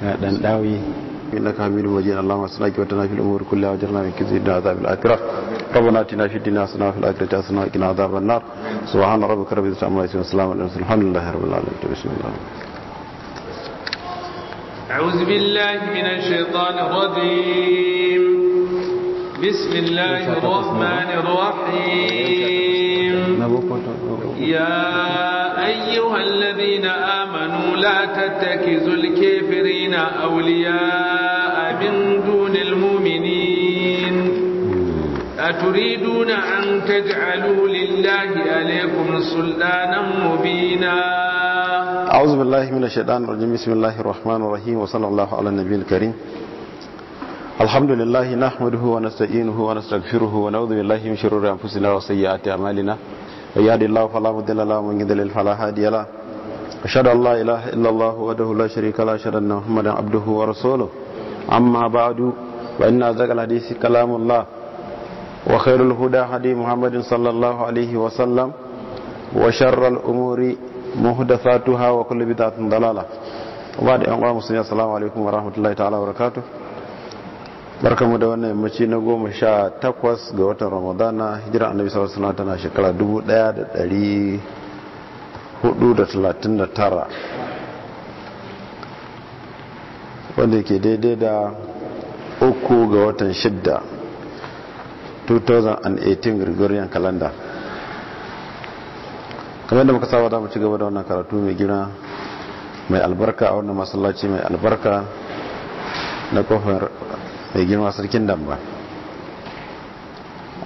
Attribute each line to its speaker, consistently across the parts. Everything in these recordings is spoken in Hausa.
Speaker 1: dan dawi إنك حميد مجيد اللهم صل وسلم في الأمور كلها وجرنا من كذب عذاب الآخرة ربنا آتنا في الدنيا حسنة وفي الآخرة حسنة وقنا عذاب النار سبحان ربك رب العزة عما يصفون وسلام على المرسلين الحمد لله رب العالمين بسم الله
Speaker 2: أعوذ بالله من الشيطان الرجيم بسم الله الرحمن الرحيم يا أيها الذين آمنوا لا تتكزوا الكافرين أولياء من دون المؤمنين أتريدون أن تجعلوا لله عليكم سلطانا مبينا أعوذ
Speaker 1: بالله من الشيطان الرجيم بسم الله الرحمن الرحيم وصلى الله على النبي الكريم الحمد لله نحمده ونستعينه ونستغفره ونعوذ بالله من شرور أنفسنا وسيئات أعمالنا ويهدي الله فلا مضل له ومن يضلل فلا هادي له أشهد أن لا إله إلا الله وحده لا شريك له أشهد أن محمدا عبده ورسوله أما بعد فإن أصدق الحديث كلام الله وخير الهدى هدي محمد صلى الله عليه وسلم وشر الأمور محدثاتها وكل بدعة ضلالة وبعد أن مسلمين السلام عليكم ورحمة الله تعالى وبركاته barkamu da wannan yammaci na goma sha takwas ga watan ramadana hijira annabi sallallahu alaihi wasallam tana shekara dubu daya da dari hudu da talatin da tara wanda ke daidai da uku ga watan shidda 2018 gregorian calendar kamar da muka saba da mu ci gaba da wannan karatu mai gina mai albarka a wannan masallaci mai albarka na kofar mai girma sarkin ba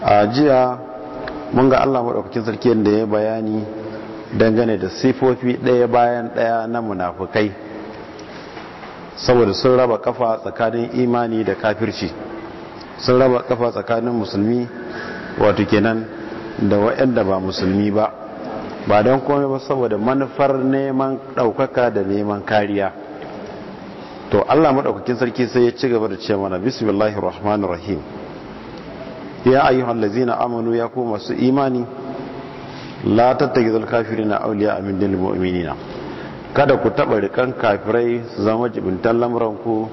Speaker 1: a jiya mun ga allah maɗaukakin sarki da ya bayani dangane da sifofi ɗaya bayan ɗaya na munafukai saboda sun raba kafa tsakanin imani da kafirci sun raba kafa tsakanin musulmi wato kenan da waɗanda ba musulmi ba ba don kome ba saboda manufar neman ɗaukaka da neman kariya to Allah madaukakin sarki sai ya ci gaba da cewa mana bismillahir rahmanir rahim ya ladzina amanu ya ku masu imani la tattagizul kafirina awliya min dinil mu'minina kada ku taba rikan kafirai su zama jibintan lamuran ku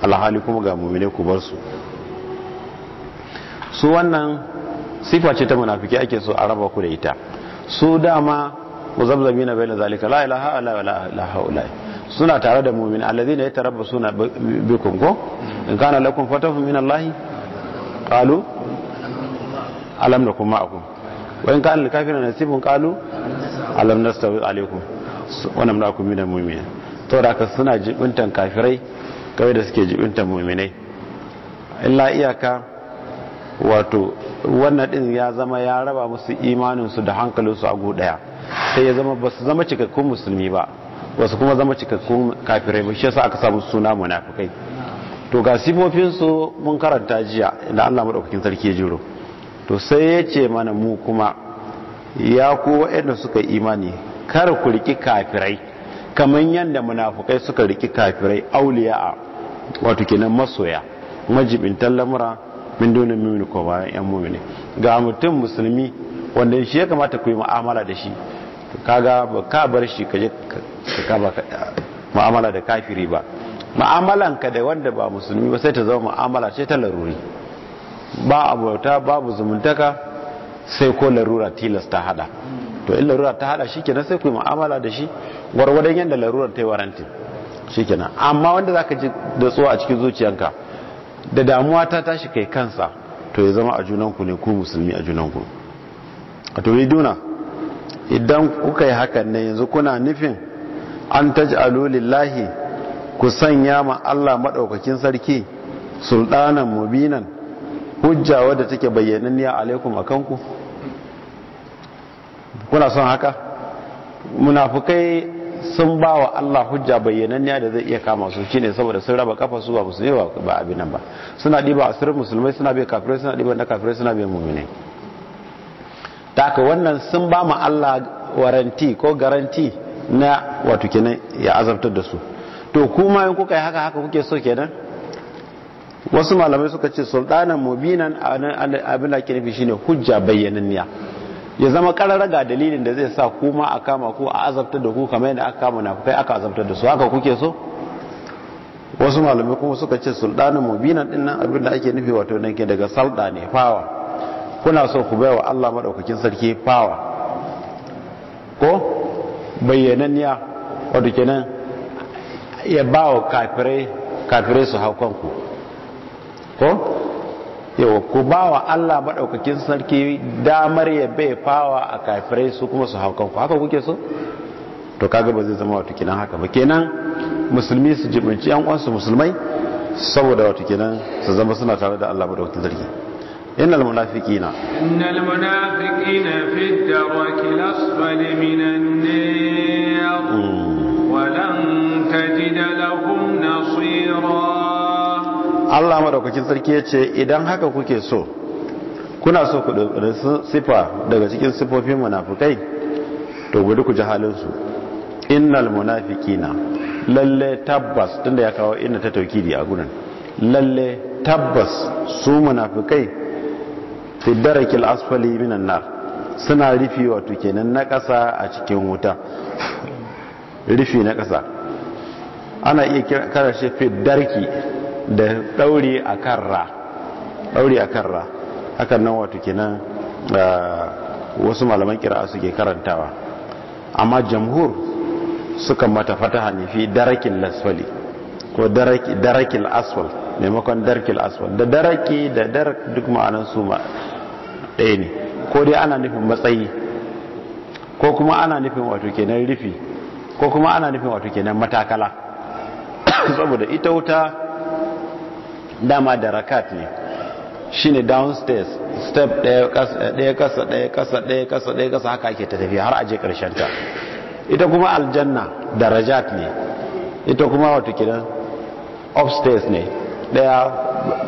Speaker 1: alhali kuma ga mu'mine ku bar su su wannan sifa ce ta munafiki ake so a raba ku da ita su dama muzabzabina bayna zalika la ilaha illa la ilaha illa suna tare da mu'min ne ya allazina yatarabbasuna bikum ko in kana lakum fatahu min allahi qalu alam nakum ma'akum wa in kana likafirina nasibun qalu alam nastawi alaikum wa namnakum min almu'minin to da ka suna jibintan kafirai kawai da suke jibintan mu'minai illa iyaka wato wannan din ya zama ya raba musu imaninsu da hankalinsu a daya sai ya zama ba su zama cikakkun musulmi ba wasu kuma zama cikakkun kafirai ba shi yasa aka samu suna munafukai to ga sifofin mun karanta jiya da Allah madaukakin sarki ya jiro to sai ya ce mana mu kuma ya ku waɗanda suka imani kar ku riki kafirai kamar yadda munafukai suka riki kafirai auliya wato kenan masoya majibin tallamura min dunin mimini ko bayan yan mumini ga mutum musulmi wanda shi ya kamata ku yi ma'amala da shi kaga ba ka bar shi ka je ka mu'amala da kafiri ba mu'amalan ka da wanda ba musulmi ba sai ta zama mu'amala ce ta laruri ba abota babu zumuntaka sai ko larura tilas ta hada to in larura ta hada shikenan sai ku mu'amala da shi gwargwadon yanda larurar ta yi warantin shikenan amma wanda zaka ji da tsuwa a cikin zuciyanka da damuwa ta tashi kai kansa to ya zama a junanku ne ku musulmi a junanku a to duna idan kuka yi hakan ne yanzu kuna nufin an taj'alu lillahi ku sanya ma Allah madaukakin sarki sultanan mubinan hujja wadda take bayyananniya alaikum akan ku kuna son haka munafukai sun ba wa Allah hujja bayyananniya da zai iya kama su shine saboda sun raba kafa su ba musulmi ba abin nan ba suna diba asirin musulmai suna bai kafirai suna diba na kafirai suna bai mu'minai ta wannan sun ba mu Allah waranti ko garanti na wato kenan ya azabtar da su to kuma in kuka yi haka haka kuke so kenan wasu malamai suka ce sultanan mubinan abin da ke nufi shine hujja bayyananniya ya zama kararraga dalilin da zai sa kuma a kama ku a azabtar da ku kamar yadda aka kama na kai aka azabtar da su haka kuke so wasu malamai kuma suka ce sultanan mubinan dinnan abin da ake nufi wato nan ke daga salda ne fawa kuna so ku baiwa Allah madaukakin sarki fawa ko bayyananniya wato kenan ya bawa wa kafirai su haukanku ko yau ku bawa Allah madaukakin sarki damar ya bai fawa a kafirai su kuma su haukanku haka kuke so to kaga ba zai zama wata kenan haka ba kenan musulmi su jibinci yan uwansu musulmai saboda wata kenan su zama suna tare da Allah madaukakin sarki إن المنافقين
Speaker 2: إن المنافقين في الدرك الأسفل من النار ولن تجد لهم نصيرا
Speaker 1: Allah madaukakin sarki ya ce idan haka kuke so kuna so ku ɗauki sifa daga cikin sifofin munafukai to gudu ku ji halinsu innal munafikina lalle tabbas tunda ya kawo inna ta taukidi a gurin lalle tabbas su munafukai fi darakil asfali minan nar suna rufi wato kenan na ƙasa a cikin wuta rufi na ƙasa ana iya kira shi fi darki da ɗauri a kan ra ɗauri a karra hakan nan wato kenan ah, wasu malaman su suke karantawa amma jamhur suka mata fataha ne fi darakin lasfali ko darakil asfal maimakon darakil asfal da daraki da darak duk ma'anan su ɗaya ne ko dai ana nufin matsayi ko kuma ana nufin wato kenan rufi ko kuma ana nufin wato kenan matakala saboda ita wuta dama da rakat ne ne downstairs step ɗaya ƙasa ɗaya ƙasa ɗaya ƙasa ɗaya ƙasa haka ake ta tafiya har aje ƙarshen ta ita kuma aljanna darajat ne ita kuma wato kenan upstairs ne ɗaya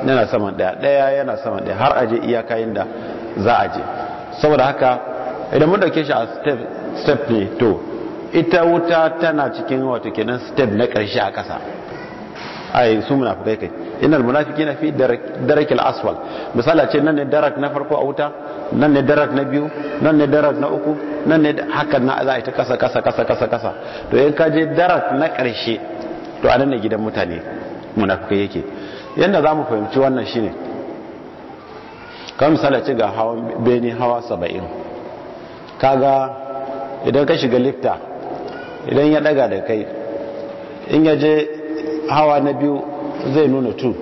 Speaker 1: yana saman ɗaya ɗaya yana saman ɗaya har aje iyaka inda za a je saboda haka idan mun dauke shi a step step ne to ita wuta tana cikin wato kenan step na karshe a kasa ai su fuka kai innal munafiqina fi darakil aswal misali ce nan ne darak na farko a wuta nan ne darak na biyu nan ne darak na uku nan ne hakan na za a ita kasa kasa kasa kasa kasa to in ka je darak na karshe to anan ne gidan mutane munafikai yake yanda za mu fahimci wannan shine kan misalaci ga hawan beni hawa saba'in kaga idan ka shiga lifta idan ya daga da kai in ya je hawa na biyu zai nuna tu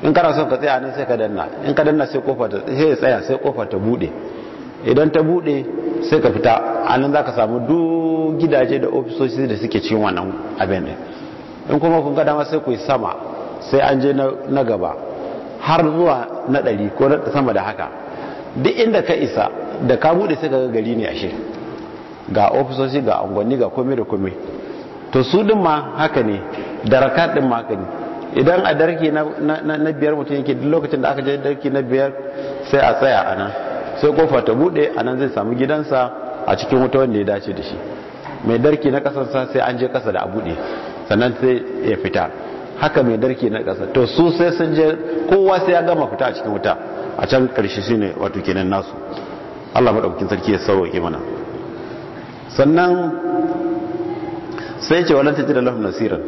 Speaker 1: in kara son ka tsaya nan sai ka danna in ka danna sai kofa ta sai tsaya sai kofa ta bude idan ta bude sai ka fita anan zaka samu duk gidaje da ofisoshi da suke cikin wannan abin din in kuma kun ga dama sai ku sama sai an je na gaba har zuwa na ɗari ko na sama da haka duk inda ka isa da ka buɗe sai ka gari ne ashe ga ofisoshi ga unguwanni ga komai da komai to su ɗin ma haka ne daraka ɗin ma haka ne idan a darki na biyar mutum yake duk lokacin da aka je darki na biyar sai a tsaya a nan sai kofa ta buɗe a nan zai samu gidansa a cikin wuta wanda ya dace da shi mai darki na sa sai an je kasa da a buɗe sannan sai ya fita haka mai darki na ƙasa to su sai sun je kowa sai ya gama fita a cikin wuta a can ƙarshe shi ne wato kenan nasu allah maɗaukin sarki ya ke mana sannan sai ce walanta da lafi nasiran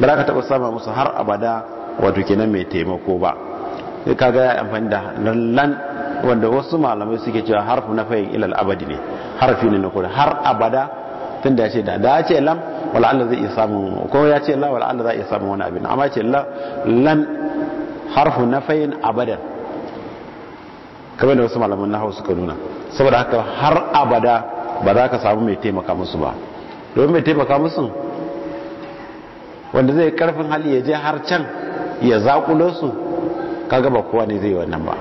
Speaker 1: ba za ka taɓa sama musu har abada wato kenan mai taimako ba Ka ya amfani da lallan wanda wasu malamai suke cewa harfi na fayin ilal abadi ne harfi ne na kuda har abada tun da ya ce da da ya ce lam allah zai iya samun ko ya ce la wala'alla za a iya samun wani abin amma ce la lan harfu na fayin abadan kamar da wasu malaman na suka nuna saboda haka har abada ba za ka samu mai taimaka musu ba domin mai taimaka musu wanda zai karfin hali ya je har can ya zakulo su kaga ba kowa ne zai wannan ba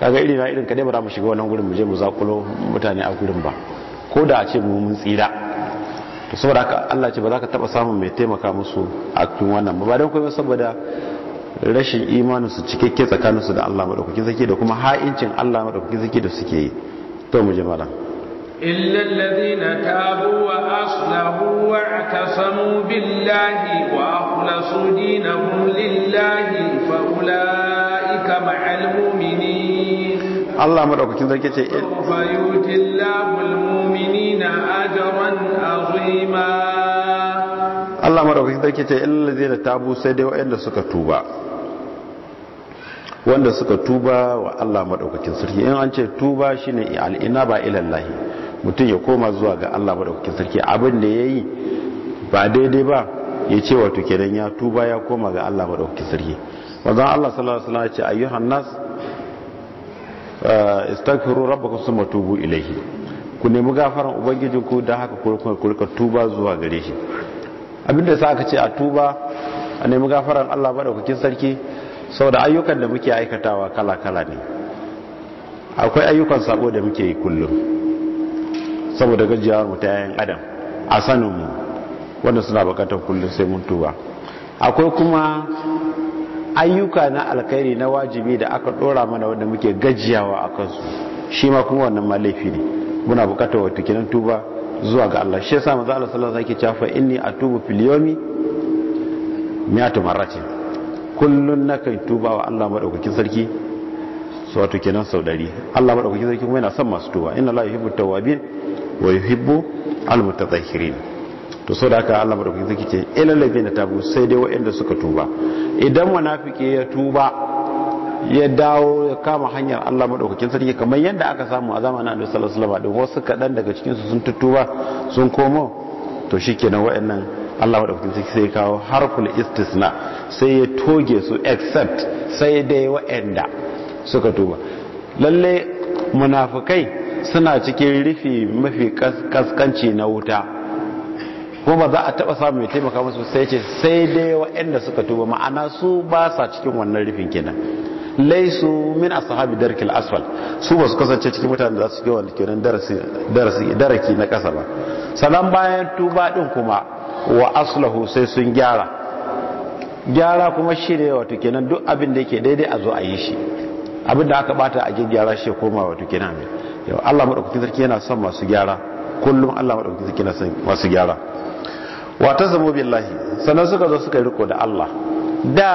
Speaker 1: kaga irin na irin ka ne ba za mu shiga wannan gurin mu je mu zakulo mutane a gurin ba ko da a ce mu mun tsira saboda haka Allah ce ba za ka taba samun mai taimaka musu a cikin wannan ba don kuma saboda rashin imanin su cikakke tsakanin su da Allah madaukakin zaki da kuma ha'incin Allah madaukakin zaki da suke yi to mu jama'a
Speaker 2: illa alladhina tabu wa aslahu wa atasamu billahi wa akhlasu dinahum lillahi fa ulaika ma'al mu'minin
Speaker 1: Allah madaukakin sarki ce eh, Allah madaukakin sarki ce illal zai da tabu sai dai waɗanda suka tuba wanda suka tuba wa Allah madaukakin sarki in an ce tuba shine ila ilallahi mutum ya koma zuwa ga Allah madaukakin sarki abin da yayi ba daidai ba ya ce wato kenan ya tuba ya koma ga Allah madaukakin sarki wazan Allah sallallahu alaihi wasallam ya ce ayyuhan nas Eh, istaghfiru rabbakum thumma tubu ilayhi ku nemi gafaran ku dan haka ku rika tuba zuwa gare shi abinda sa aka ce a tuba a nemi gafaran Allah madaukakin sarki saboda ayyukan da muke aikatawa kala-kala ne akwai ayyukan sabo da muke yi kullum saboda gajiyawar mu ta yayin adam a sanin mu wanda suna bukatar kullum sai mun tuba akwai kuma ayyuka na alkhairi na wajibi da aka dora mana wanda muke gajiyawa a kansu shi ma kuma wannan ma laifi ne muna bukatar wata kinan tuba zuwa ga Allah shi yasa manzo Allah sallallahu alaihi wasallam yake cewa inni atubu fil yawmi mi'atu marrati kullun nakai tuba wa Allah madaukakin sarki su wato kinan sau dari Allah madaukakin sarki kuma yana son masu tuba inna la yuhibbu tawwabin wa yuhibbu al-mutatahhirin to sau da haka Allah madaukakin sarki ce laifin ladina tabu sai dai waɗanda suka tuba idan munafiki ya tuba ya dawo ya kama hanyar Allah madaukakin sarki kamar yadda aka samu a zamanin Annabi sallallahu alaihi wasallam wasu kaɗan daga cikin su sun tutuba sun komo to shikenan wa'annan Allah madaukakin sarki sai kawo harful istisna sai ya toge su except sai dai wa'anda suka tuba lalle munafikai suna cikin rufi mafi kaskanci na wuta kuma za a taba samu mai taimaka musu sai ce sai dai waɗanda suka tuba ma'ana su ba sa cikin wannan rufin kenan laisu min ashabi darkil asfal su ba su kasance cikin mutanen da za su ga wani kenan daraki na kasa ba sannan bayan tuba din kuma wa aslahu sai sun gyara gyara kuma shirye wato kenan duk abin da yake daidai a zo a yi shi abin da aka bata a gyara shi koma wato kenan yau Allah madaukakin sarki yana son masu gyara kullum Allah madaukakin sarki yana son masu gyara wa tasabu billahi sannan suka zo suka riko da Allah da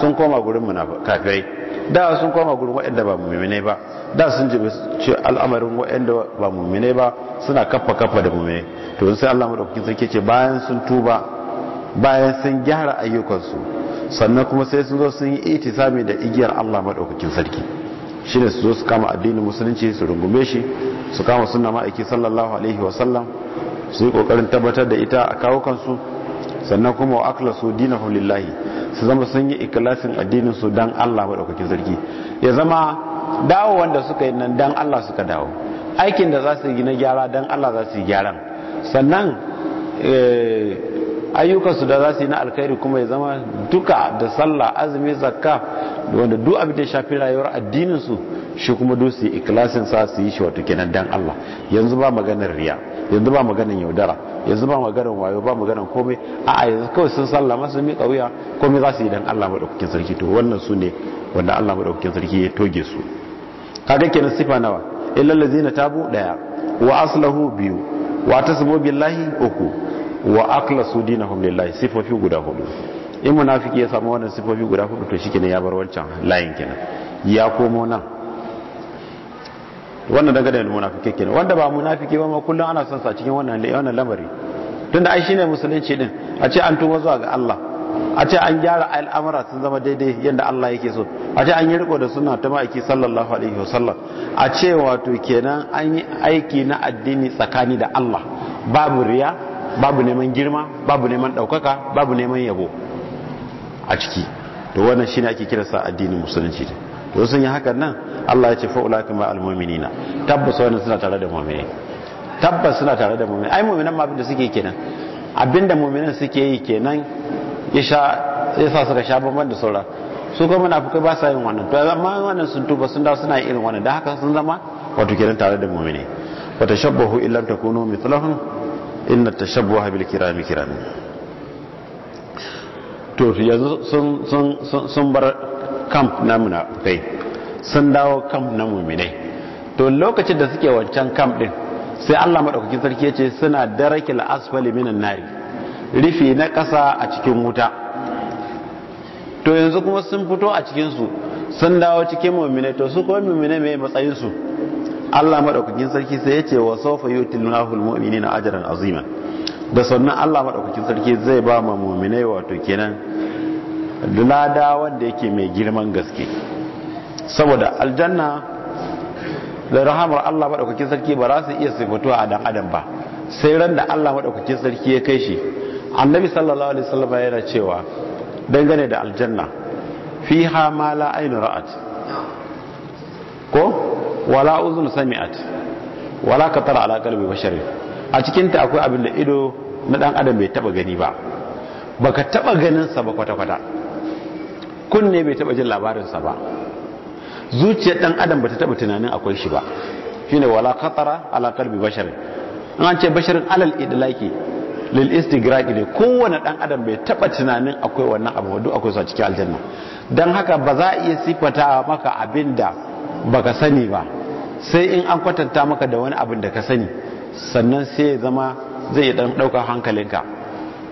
Speaker 1: sun koma gurin muna munafikai da sun koma gurin waɗanda ba mu'mine ba da sun ji ce al'amarin waɗanda ba mu'mine ba suna kaffa kaffa da mu'mine to sai Allah madaukakin sarki ce bayan sun tuba bayan sun gyara ayyukansu sannan kuma sai sun zo sun yi itisami da igiyar Allah madaukakin sarki shine su zo su kama addinin musulunci su rungume shi su kama sunna ma'aiki sallallahu alaihi wa sallam su yi kokarin tabbatar da ita a kawo kansu sannan kuma wa akhlasu dinahum lillahi su zama sun yi ikilasin addinin su dan Allah madaukakin sarki ya zama dawo wanda suka yi nan dan Allah suka dawo aikin da za su yi na gyara dan Allah za su yi gyaran sannan eh, ayyukansu da za su yi na alkhairi kuma ya zama duka da sallah azumi zakka wanda duk abin da shafi rayuwar addinin su shi kuma duk su yi ikhlasin sa su yi shi wato kenan dan Allah yanzu ba maganar riya yanzu ba maganin yaudara yanzu ba maganin wayo ba maganin komai a yanzu kawai sun sallah masu miƙa wuya komai za su yi dan Allah madaukakin sarki to wannan su ne wanda Allah madaukakin sarki ya toge su kaga kenan sifa nawa illallah zina tabu ɗaya wa aslahu biyu wa tasbu billahi uku wa dina dinahum lillahi sifofi guda hudu in munafiki ya samu wannan sifofi guda hudu to shikenan ya bar wancan layin kenan ya komo nan wannan dangane da munafiki kenan wanda ba munafiki ba ma kullum ana son sa cikin wannan wannan lamari tunda ai shine musulunci din a ce an tuba zuwa ga Allah a ce an gyara al'amura sun zama daidai yadda Allah yake so a ce an yi riko da suna ta ma'aiki sallallahu alaihi wasallam a ce wato kenan an yi aiki na addini tsakani da Allah babu riya babu neman girma babu neman ɗaukaka babu neman yabo a ciki to wannan shine ake kira sa addinin musulunci to sun yi hakan nan Allah ya ce fa ulaka ma almu'minina tabbas wannan suna tare da mu'mini tabbas suna tare da mu'mini ai mu'minan ma abinda da suke kenan abinda mu'minan suke yi kenan ya sha sa suka sha bamban da sauran su kuma fuka ba sa yin wannan to amma wannan sun tuba sun da suna irin wannan da haka sun zama wato kenan tare da mu'mini wa tashabbahu illa takunu mithlahum inna tashabbaha bil kirami kirami to yanzu sun sun sun bar camp na munafikai sun dawo kam na muminai to lokacin da suke wancan kam din sai Allah madaukakin sarki yace suna darakil asfali minan nari rufi na ƙasa a cikin wuta to yanzu kuma sun fito a cikin su sun dawo cikin muminai to su kuma muminai mai matsayin su Allah madaukakin sarki sai yace wa sawfa yutilnahul mu'minina ajran azima da sannan Allah madaukakin sarki zai ba ma muminai wato kenan lada wanda yake mai girman gaske saboda aljanna da rahamar Allah maɗaukakin sarki ba za su iya sifatuwa a dan adam ba sai ran da Allah maɗaukakin sarki ya kai shi annabi sallallahu alaihi wasallam yana cewa dangane da aljanna fiha ma la ainu ra'at ko wala uzun sami'at wala katara ala qalbi bashari a cikin akwai abin da ido na dan adam bai taba gani ba baka taba ganin sa ba kwata kwata kunne bai taba jin labarinsa ba zuciyar dan adam bata taba tunanin akwai shi ba shine wala khatara ala qalbi bashar an ce basharin alal idlaki lil istigraqi ne kowane dan adam bai taba tunanin akwai wannan abu duk akwai su a cikin aljanna dan haka ba za a iya sifata maka abinda baka sani ba sai in an kwatanta maka da wani abin da ka sani sannan sai ya zama zai dan dauka hankalinka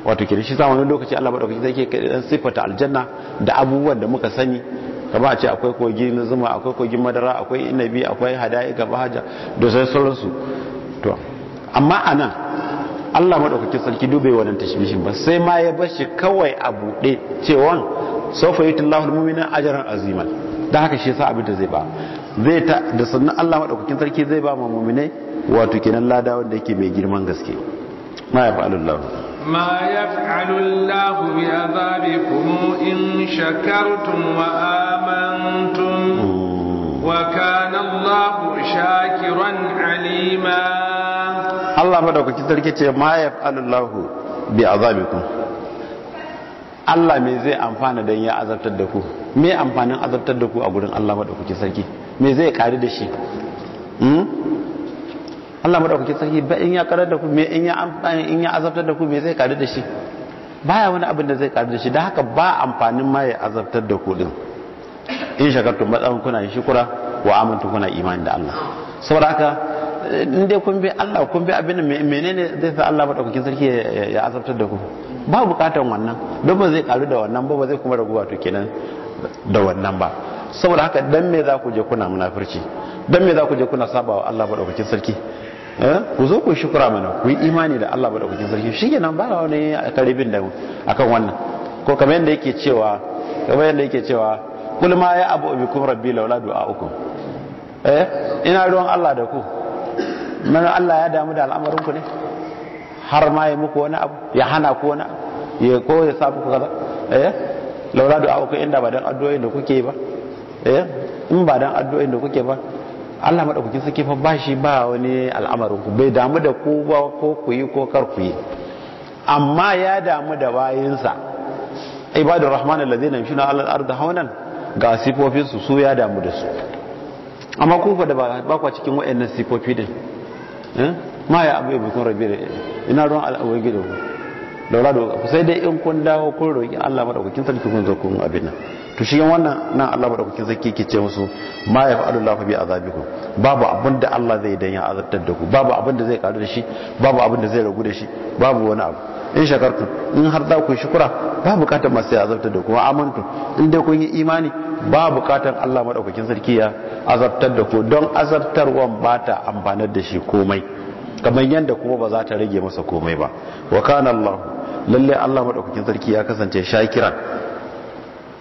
Speaker 1: wato kenan shi lokaci Allah dauki zai ke dan sifata aljanna da abubuwan da muka sani kama a ce akwai kogin zuma akwai kogin madara akwai inabi akwai gaba bahaja da sai sauransu to amma anan Allah maɗaukakin sarki dube wannan tashbihin ba sai ma ya bashi kawai a buɗe cewa sawfa yutillahu mumina ajaran azimal da haka shi sa abin da zai ba zai ta da sannan Allah maɗaukakin sarki zai ba ma mu'minai wato kenan lada wanda yake mai girman gaske ma ya fa'alullahu
Speaker 2: ما يفعل الله بعذابكم إن شكرتم وآمنتم وكان الله شاكرا عليما
Speaker 1: الله مدوك تلك ما يفعل الله بعذابكم Allah me zai amfana don ya azabtar da ku me amfanin azabtar da ku a gurin Allah maɗaukaki sarki me zai ƙari da shi Allah madaukakin sarki ba in ya karar da ku me in ya amfani in ya azabtar da ku me zai karu da shi baya wani abin da zai karu da shi da haka ba amfanin ma ya azabtar da ku din in shakartum matsayin kuna shukura wa amantu kuna imani da Allah saboda haka in dai kun bi Allah kun bi abin menene zai sa Allah madaukakin sarki ya azabtar da ku ba bukatan wannan don ba zai karu da wannan ba ba zai kuma raguwa to kenan da wannan ba saboda haka dan me za ku je kuna munafurci dan me za ku je kuna sabawa Allah madaukakin sarki Eh? ku zo ku shukura mana ku yi imani da Allah bada kujin sarki shi nan ba wani karibin da akan wannan ko kamar yadda yake cewa kamar yadda yake cewa kul ma ya abu bikum rabbi laula du'aukum eh ina ruwan Allah da ku mana Allah ya damu da al'amarin ku ne har ma yi muku wani abu ya hana ku wani ya ko ya sa muku kaza eh laula du'aukum inda ba dan eh? addu'o'in da kuke ba eh in ba dan addu'o'in da kuke ba Allah madaukakin sarki fa bashi ba wani al'amarin ku bai damu da ku ba ko ku yi ko kar ku yi amma ya damu da bayinsa ibadur rahman allazina yamshuna alal ardi hawnan ga sifofin su su ya damu da su amma ku fa da ba kwa cikin wayannan sifofi din eh? ma ya abu ibukun rabbi da ina ruwan al'awai gidan ku daura da sai dai in kun dawo kun roki Allah madaukakin sarki kun zo kun abin nan to shi wannan nan Allah madaukakin sarki ke ce musu ma yaf'alu Allahu bi azabikum babu abin da Allah zai dan ya azabtar da ku babu abin da zai karu da shi babu abin da zai ragu da shi babu wani abu in shakartu in har za ku yi shukura ba bukatar masu ya azabtar da ku amantu in dai kun yi imani ba bukatar Allah madaukakin sarki ya azabtar da ku don azabtarwan ba ta amfanar da shi komai kamar yadda kuma ba za ta rage masa komai ba wa kana Allah lalle Allah madaukakin sarki ya kasance shakiran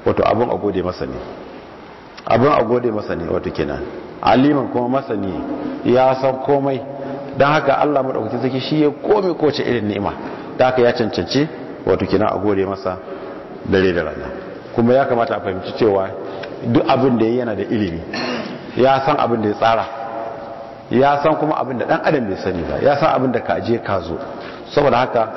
Speaker 1: wato abin a gode masa ne abin a gode masa ne wato kenan aliman kuma ne ya san komai don haka Allah maɗaukacin sarki shi ya komai kowace irin ni'ima da haka ya cancanci wato kenan a gode masa dare da rana kuma ya kamata a fahimci cewa duk abin da yana da ilimi ya san abin da ya tsara ya san kuma abin da dan adam bai sani ba ya san abin da ka je ka zo saboda haka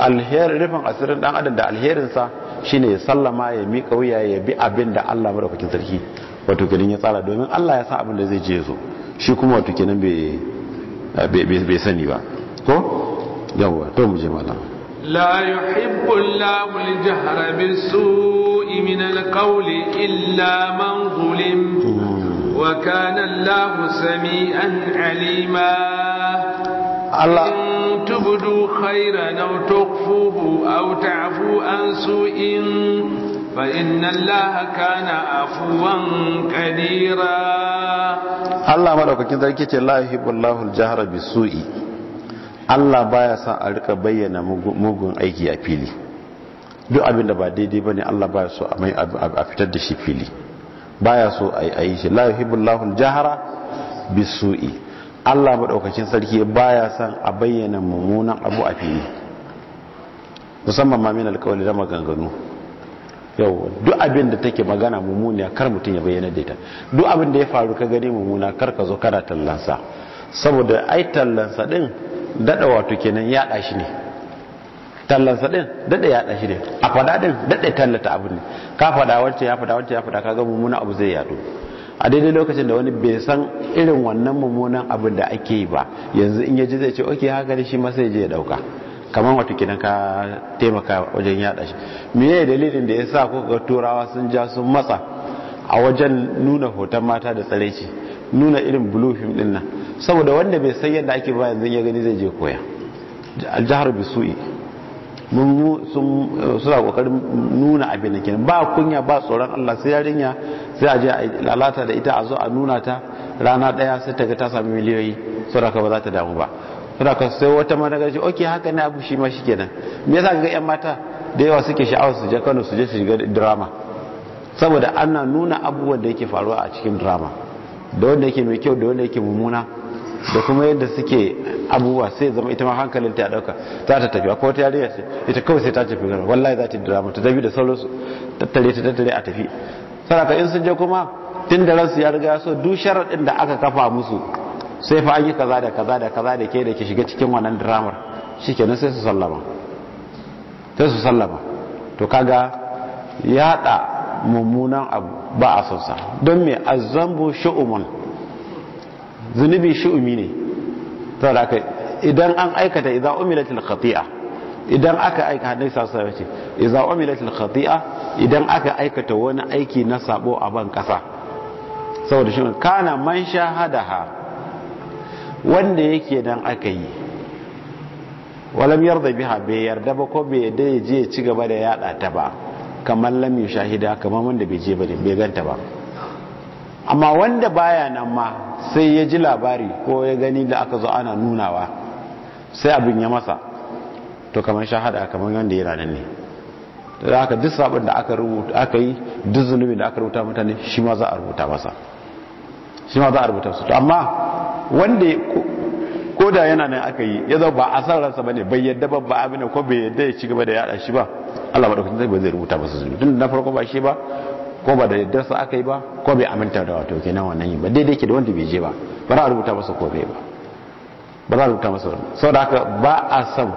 Speaker 1: alherin rufin asirin dan adam da alherinsa shine ne sallama ya miƙa wuya ya bi abin da Allah madaukakin sarki wato kenan ya tsara domin Allah ya san abin da zai je zo shi kuma wato kenan bai sani ba ko yawwa to mu je malam
Speaker 2: la yuhibbu Allahu al-jahra bis-su'i min al illa man zulim hmm. wa kana Allahu sami'an alima Allah tubdu khairan aw tukhfuhu aw ta'fu an su su'in fa inna Allaha kana afuwan kadira
Speaker 1: Allah madaukakin sarki ce la yuhibbullahu al bi su'i" Allah baya son a rika bayyana mugun aiki a fili duk abin da ba daidai ba ne, Allah baya so a fitar da shi fili baya so a yi shi la yuhibbullahu al bi su'i". Allah maɗaukacin sarki baya son a bayyana mummunan abu a fili musamman ma min alƙawari da maganganu yau duk abin da take magana mummuniya kar mutum ya bayyana da ita duk abin da ya faru ka gani mummuna kar ka zo kana tallansa saboda ai tallansa din dada wato kenan yaɗa shi ne tallansa din dada yaɗa shi ne a fada din dada tallata abin ne ka fada wancan ya fada wancan ya fada kaga mummuna abu zai yaɗu a daidai lokacin da wani bai san irin wannan mummunan abin da ake yi ba yanzu in yaji zai ce oke haka da shi masai je ya dauka kamar wata kinan ka taimaka wajen yada shi ne dalilin da ya ko ga turawa sun ja sun matsa a wajen nuna hoton mata da tsareci nuna irin bulu film din nan saboda wanda bai san yadda ake ba yanzu ya gani zai je koya aljahar bisu'i Eh, suna kokarin nuna abin da ke ba kunya ba tsoron Allah sai yarinya sai a je a lalata da ita a zo a nuna ta rana daya sai ta ga ta sami miliyoyi ka ba za ta damu ba ka sai wata mana gaji oke haka ne abu shi ma shi kenan me yasa ga yan mata da yawa suke sha'awar su je Kano su je shiga drama saboda ana nuna abubuwan da yake faruwa a cikin drama da wanda yake mai kyau da wanda yake mummuna da kuma yadda suke abubuwa sai zama ita ma hankalin ta dauka za ta tafi akwai wata yarinya ce ita kawai sai ta tafi gara wallahi za ta yi mata ta tafi da sauransu tattare ta tattare a tafi saraka in sun je kuma tun da ransu ya riga so duk sharaɗin da aka kafa musu sai fa an yi kaza da kaza da kaza da ke da ke shiga cikin wannan dramar shikenan sai su sallama sai su sallama to kaga yaɗa mummunan abu ba a sonsa don me azzambu shu'umun zunubi shi'umi ne saboda idan an aikata idza umilatil khati'a idan aka aika hadin sa sa yace idza umilatil khati'a idan aka aikata wani aiki na sabo a ban kasa saboda shi kana man shahadaha wanda yake dan aka yi walam yarda biha bai yarda ba ko bai da ya je ci gaba da yada ta ba kamar lam shahida kamar wanda bai je ba bai ganta ba amma wanda baya nan ma sai ya ji labari ko ya gani da aka zo ana nunawa sai abin ya masa to kamar shahada kamar wanda yana nan ne da aka duk sabon da aka rubuta aka yi duk zunubin da aka rubuta mutane shi ma za a rubuta masa shi ma za a rubuta su to amma wanda ko da yana nan aka yi ya zama ba a san ransa bane bai yadda ba ba abin ko bai yadda ya ci gaba da yada shi ba Allah madaukakin zai ba zai rubuta masa zunubi tun da na farko ba shi ba ko ba da yaddarsa aka yi ba ko bai aminta da wato ke nan wannan yi ba daidai ke da wanda bai je ba ba za a rubuta masa ko bai ba ba za a rubuta masa wani sau da haka ba a san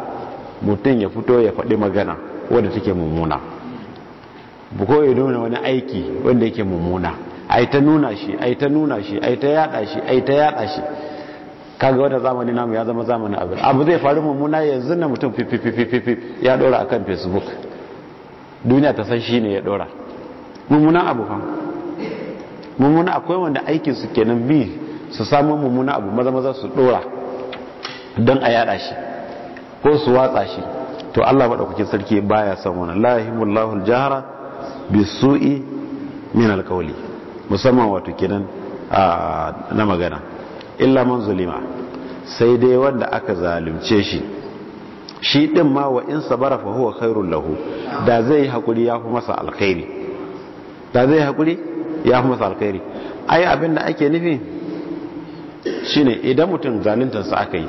Speaker 1: mutum ya fito ya faɗi magana wadda take mummuna ko ya nuna wani aiki wanda yake mummuna ai ta nuna shi ai ta nuna shi ai ta yada shi ai ta yada shi kaga wata zamani namu ya zama zamanin abin abu zai faru mummuna yanzu na mutum fififififi ya dora akan facebook duniya ta san shi ne ya dora mummuna abu fa mummuna akwai wanda aikin su kenan bi su samu mummuna abu maza maza su dora don a yada shi ko su watsa shi to Allah kuke sarki baya son wannan la yahimullahu aljahra bisu'i min alqawli musamman wato kenan na magana illa man zulima sai dai wanda aka zalunce shi shi din ma wa in sabara fa huwa lahu da zai hakuri ya fi masa alkhairi da zai haƙuri ya fi masa alkhairi ai abin da ake nufi shine idan mutum zaluntansa aka yi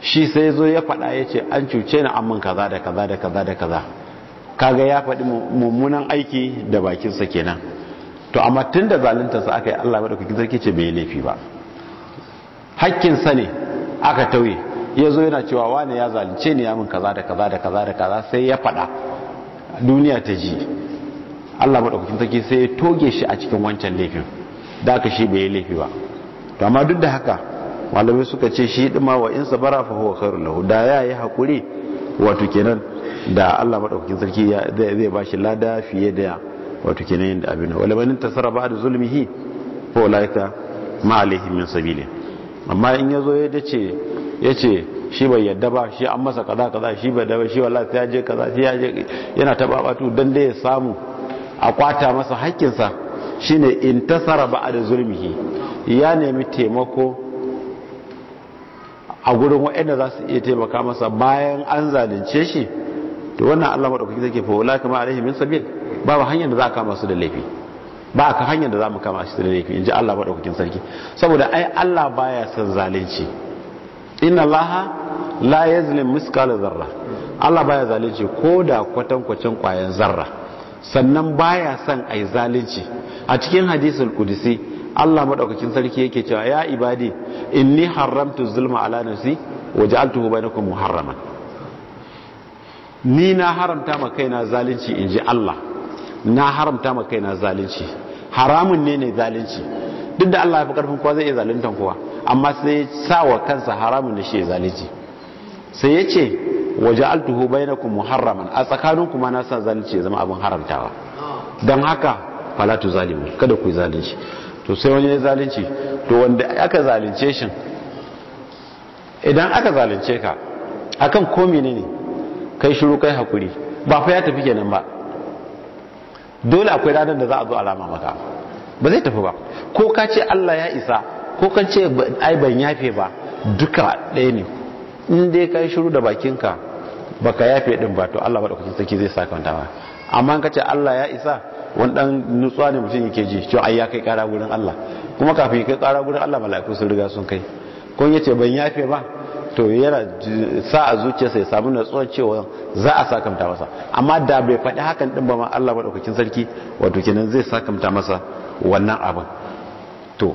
Speaker 1: shi sai zo ya faɗa ya ce an cuce ni amman kaza da kaza da kaza da kaza kaga ya faɗi mummunan aiki da bakinsa kenan to amma tun da zaluntarsa aka yi allah maɗaukakin zarki ce bai laifi ba hakkinsa ne aka tauye ya zo yana cewa wane ya zalunce ni ya min kaza da kaza da kaza da kaza sai ya faɗa duniya ta ji Allah maɗaukakin sarki sai ya toge shi a cikin wancan laifin da aka shi bai yi laifi ba to amma duk da haka malamai suka ce shi dima wa in sabara fa huwa lahu da ya yi hakuri wato kenan da Allah maɗaukakin sarki zai ba shi lada fiye da ya wato kenan yin da abin da wala banin tasara ba da zulmihi amma in yazo ya dace shi bai yadda ba shi an masa kaza kaza shi bai da shi wallahi sai ya je kaza sai yana ta babatu dan da ya samu a kwata masa haƙƙinsa shine in tasara ba'a da zulmihi ya nemi taimako a gurin waɗanda za su iya taimaka masa bayan an zalunce shi to wannan Allah madaukaki zake fa wala kama a min sabil ba hanyar da za a kama su da laifi ba ka hanyar da za mu kama su da laifi in ji Allah madaukakin sarki saboda ai Allah baya son zalunci inna laha la yazlim miskala zarra Allah baya zalunci ko da kwatankwacin kwayan zarra sannan baya son a yi zalunci a cikin hadisul kudisi Allah maɗaukacin sarki yake cewa ya ibadi in inni haramtu zulma ala nafsi wa ja'altuhu bainakum muharraman ni na haramta ma kaina zalunci inji Allah na haramta ma kaina zalunci haramun ne ne zalunci duk da Allah ya fi karfin kowa zai iya zaluntan kowa amma sai ya sa wa kansa haramun na shi zalunci sai ya ce waja'altuhu bainakum muharraman a tsakaninku ma na sa zalunci ya zama abin haramtawa dan haka fala tu zalimu kada ku zalunci to sai wani ya zalunci to wanda aka zalunce shi idan aka zalunce ka akan ko menene kai shiru kai hakuri ba fa ya tafi kenan ba dole akwai ranar da za a zo alama maka ba zai tafi ba ko ka ce Allah ya isa ko kan ce ai ban yafe ba duka ɗaya ne in dai kai shiru da bakinka baka yafe ɗin ba to Allah sarki zai saka ba. amma kace Allah ya isa wani dan nutsuwa ne mutum yake ji cewa ai ya kai ƙara gurin Allah kuma kafin ya kai ƙara gurin Allah mala'iku sun riga sun kai kun ce ban yafe ba to yana sa a zuciyarsa ya samu natsuwar cewa za a sakamta masa amma da bai faɗi hakan din ba ma Allah madaukakin sarki wato kenan zai sakamta masa wannan abin to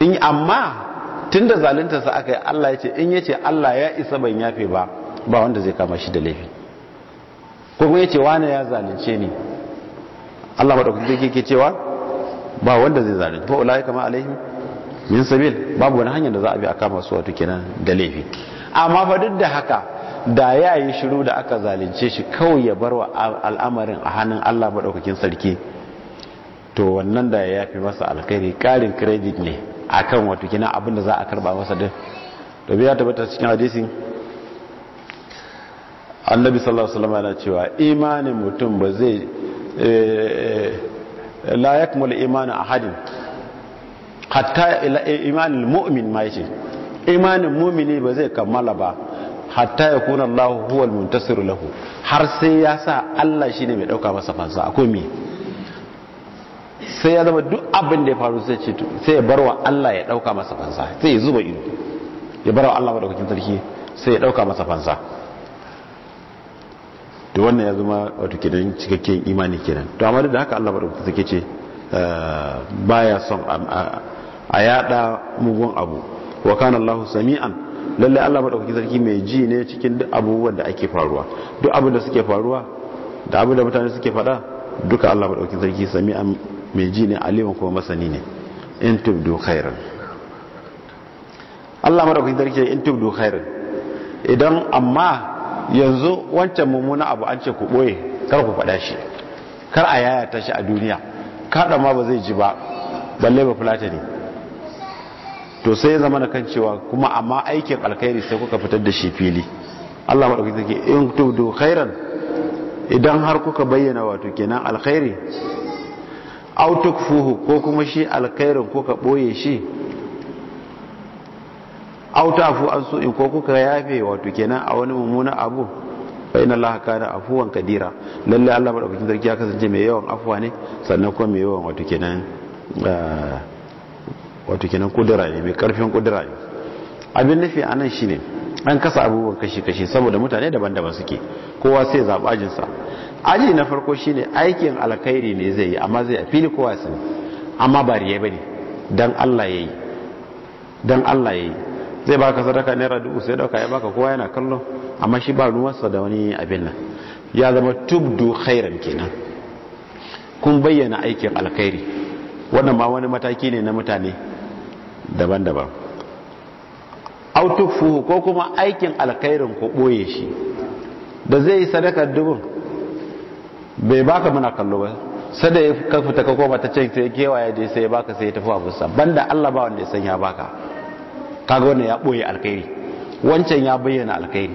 Speaker 1: in amma Tun da zaluntarsa aka yi Allah ya ce in ya ce Allah ya isa ban yafe ba ba wanda zai kama shi da laifi kuma yace wani ya zalunce ni Allah madaukaki ke cewa ba wanda zai ba ula ya kama alaihi min sabil babu wani hanyar da za a bi a kama su wato kenan da laifi amma fa duk da haka da ya yi shiru da aka zalunce shi kawai ya bar wa al'amarin a hannun Allah maɗaukakin sarki to wannan da ya yafi masa alkhairi ƙarin credit ne kan wato kina abin da za a karba masa din to bai ya tabbata cikin hadisin annabi sallallahu alaihi wasallam yana cewa imanin mutum ba zai eh, la yakmul imanu ahadin hatta imanin mu'min ma yace imanin mu'mini ba zai kammala ba hatta ya kuna Allah huwal muntasir lahu har sai ya sa Allah shine mai dauka masa fansa akwai me sai ya zama duk abin da ya faru sai ce sai ya barwa Allah ya dauka masa fansa sai ya zuba ido ya barwa Allah madaukakin sarki sai ya dauka masa fansa to wannan ya zama wato kidan cikakken imani kenan to amma da haka Allah madaukakin sarki ce ah, baya son a yada mugun abu wa kana Allah sami'an lalle Allah madaukakin sarki mai ji ne cikin duk abubuwan da ake faruwa duk abin da suke faruwa da abin da mutane suke faɗa duka Allah madaukakin sarki sami'an mai ji ne aliman kuma masani ne in tubdu khairan Allah madaukakin sarki in tubdu khairan idan amma yanzu wancan mummuna abu an ce ku boye kar ku faɗa shi kar a yayata shi a duniya kada ma ba zai ji ba balle ba fulata ne to sai zama na kan cewa kuma amma aikin alkhairi sai kuka fitar da shi fili Allah madaukakin sarki in tubdu khairan idan har kuka bayyana wato kenan alkhairi autuk fuhu ko kuma shi alkhairin ko ka ɓoye shi auta fu an so in ko kuka yafe wato kenan a wani mummuna abu fa inna allaha kana afuwan kadira lalle Allah madaukakin sarki ya kasance mai yawan afuwa ne sannan kuma mai yawan wato kenan eh, wato kenan kudura ne mai karfin kudura ne abin nufi a shi shine an kasa abubuwan kashi kashi saboda mutane daban-daban suke kowa sai zaɓa aji na farko shine aikin alkhairi ne zai yi amma zai a fili kowa ne amma ba riye bane dan Allah yayi dan Allah yayi zai baka sadaka naira dubu sai dauka ya baka kowa yana kallo amma shi ba ruwansa da wani abin nan ya zama tubdu khairan kenan kun bayyana aikin alkhairi wannan ma wani mataki ne na mutane daban-daban autofu ko kuma aikin alkhairin ko boye shi da zai yi sadaka dubu bai baka muna kallo ba sai da ka fita ka koma ta ce sai kewaye da sai baka sai ya tafi abinsa banda Allah ba wanda ya san ya baka kaga wannan ya boye alkhairi wancan ya bayyana alkhairi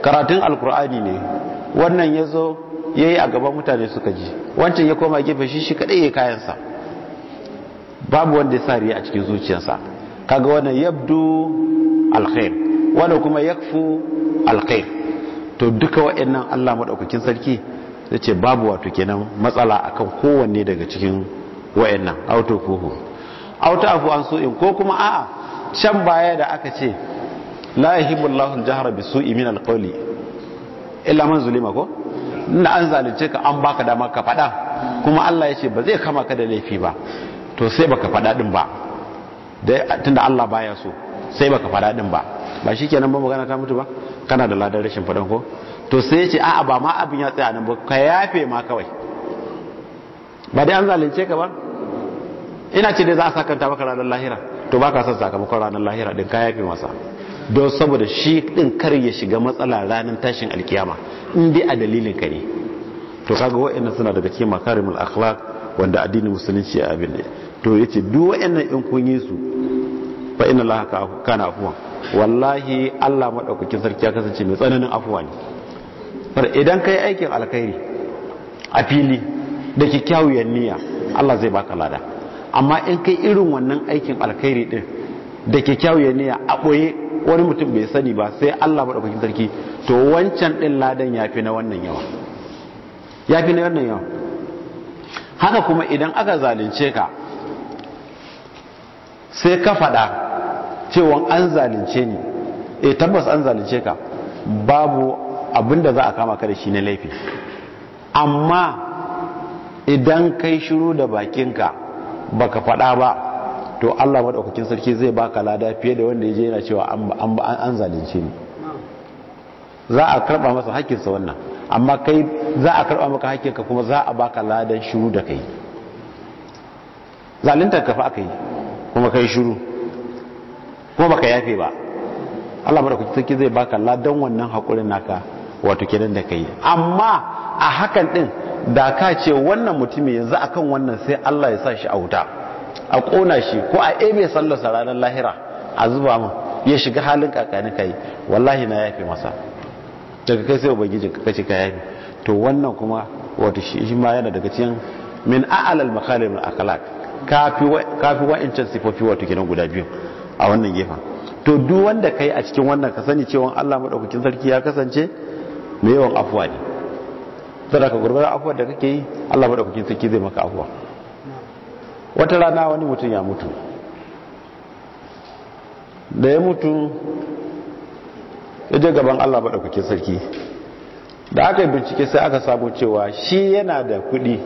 Speaker 1: karatun alkur'ani ne wannan ya zo ya yi a gaban mutane suka ji wancan ya koma gefe shi shi kaɗai ya kayansa babu wanda ya sariya a cikin zuciyarsa kaga wannan yabdu alkhair wannan kuma yakfu alkhair to duka waɗannan Allah madaukakin sarki Yace ce babu wato kenan matsala akan kowanne daga cikin nan auto kuhu auto abu an su'in ko kuma a can baya da aka ce la yuhibbullahu al-jahra min al zulima ko inda an zalunce ka an baka dama ka fada kuma Allah ya ce ba zai kama ka da laifi ba to sai baka fada din ba tunda Allah baya so sai baka fada din ba ba shikenan ba magana ta mutu ba kana da ladan rashin fadan ko to sai ce a'a ba ma abin ya tsaya nan ba ka yafe ma kawai ba dai an zalunce ka ba ina ce dai za a sakanta maka ranar lahira to ba ka san sakamakon ranar lahira din ka yafe masa don saboda shi din kar ya shiga matsala ranar tashin alkiyama in dai a dalilin ka ne to kaga wa'annan suna daga cikin makarimul akhlaq wanda addinin musulunci ya abin ne to yace duk wa'annan in kun yi su fa inna allaha kana afuwan wallahi Allah madaukakin sarki ya kasance mai tsananin afuwa ne idan ka yi aikin alkhairi a fili da kyakkyawar niyya Allah zai baka lada amma in kai irin wannan aikin alkhairi din da kyakkyawar niyya a ɓoye wani mutum bai sani ba sai Allah ɗaukakin sarki to wancan ɗin ladan ya fi na wannan yawa ya fi na wannan yawa haka kuma idan aka zalunce ka sai ka faɗa cewa an zalunce ni e tabbas an zalunce ka babu abinda za a kama ka da shi na laifi amma idan kai shiru da bakinka baka faɗa ba to Allah maɗaukakin sarki zai baka lada fiye da wanda ya je yana cewa an an zalunce ni za a karɓa masa hakkinsa wannan amma kai za a karɓa maka hakkinka kuma za a baka ladan shiru da kai zaluntar ka fa aka yi kuma kai shiru kuma baka yafe ba Allah maɗaukakin sarki zai baka ladan wannan haƙurin naka wato kenan da kai amma a hakan din da ka ce wannan mutumin yanzu akan wannan sai Allah ya sa shi a wuta a kona shi ko a ebe sallarsa ranar lahira a zuba mun, ya shiga halin kakani kai wallahi na yafe masa daga kai sai ubangiji ka ce ka yafe to wannan kuma wato shi ma yana daga cikin min a'alal makalim al akhlaq kafi kafi wa'incan sifofi wato kenan guda biyu a wannan gefen to duk wanda kai a cikin wannan ka sani cewa Allah madaukakin sarki ya kasance mai yawan afuwa ne zara ka gurbara afuwa da kake yi Allah kukin sarki zai maka afuwa wata rana wani mutum ya mutu da ya mutu ya je gaban Allah kukin sarki da aka yi bincike sai aka samu cewa shi yana da kuɗi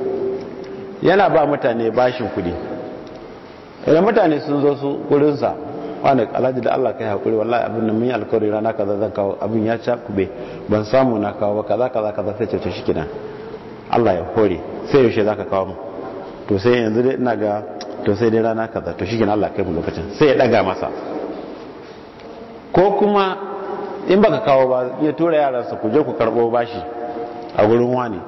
Speaker 1: yana ba mutane bashin kuɗi idan mutane sun zo su gurinsa wani alhaji da Allah kai hakuri wallahi abin nan mun yi alkawari rana kaza zan kawo abin ya ci kube ban samu na kawo kaza kaza kaza sai ce shi shikenan Allah ya hore sai yaushe zaka kawo mu to sai yanzu dai ina ga to sai dai rana kaza to shikenan Allah kai mu lokacin sai ya daga masa ko kuma in baka kawo ba ya tura yaransa ku je ku karbo bashi a gurin wani